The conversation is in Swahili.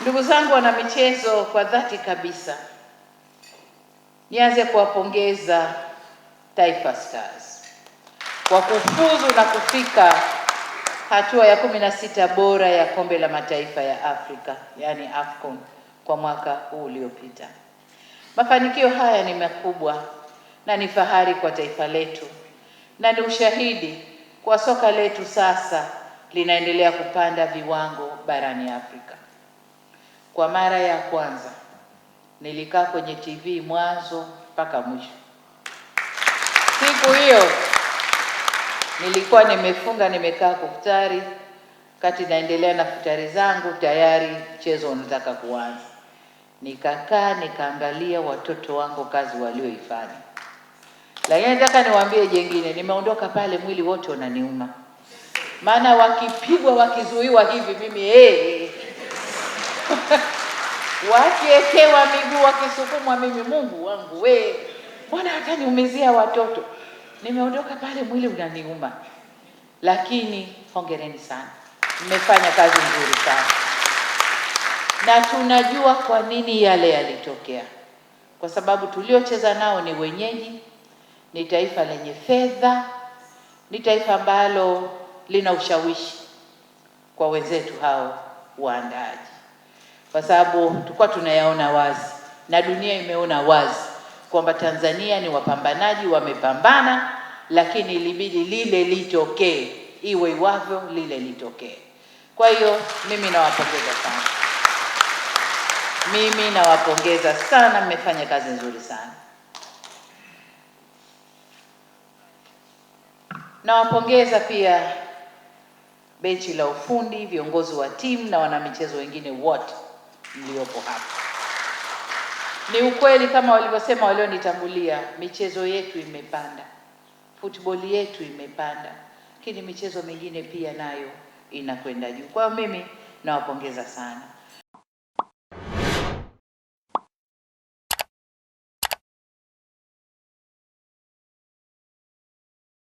Ndugu zangu wana michezo, kwa dhati kabisa nianze kuwapongeza Taifa Stars kwa kufuzu na kufika hatua ya kumi na sita bora ya kombe la mataifa ya Afrika yani AFCON kwa mwaka huu uliopita. Mafanikio haya ni makubwa na ni fahari kwa taifa letu na ni ushahidi kwa soka letu sasa linaendelea kupanda viwango barani Afrika. Kwa mara ya kwanza nilikaa kwenye TV mwanzo mpaka mwisho. Siku hiyo nilikuwa nimefunga, nimekaa kufutari, Kati naendelea na futari zangu, tayari mchezo unataka kuanza. Nikakaa nikaangalia watoto wangu kazi walioifanya, lakini nataka niwaambie jengine, nimeondoka pale mwili wote unaniuma, maana wakipigwa wakizuiwa hivi mimi hey. Eh, eh, eh. wakiekewa miguu, wakisukumwa, mimi Mungu wangu we, mbona hataniumizia watoto? Nimeondoka pale, mwili unaniuma, lakini hongereni sana, mmefanya kazi nzuri sana, na tunajua kwa nini yale yalitokea, kwa sababu tuliocheza nao ni wenyeji, ni taifa lenye fedha, ni taifa ambalo lina ushawishi kwa wenzetu hao waandaaji kwa sababu tulikuwa tunayaona wazi na dunia imeona wazi kwamba Tanzania ni wapambanaji, wamepambana, lakini ilibidi lile litokee, iwe iwavyo, lile litokee. Kwa hiyo mimi nawapongeza sana, mimi nawapongeza sana, mmefanya kazi nzuri sana. Nawapongeza pia benchi la ufundi, viongozi wa timu na wanamichezo wengine wote mliopo hapa. Ni ukweli kama walivyosema walionitangulia, michezo yetu imepanda, football yetu imepanda, lakini michezo mingine pia nayo inakwenda juu. Kwa hiyo mimi nawapongeza sana.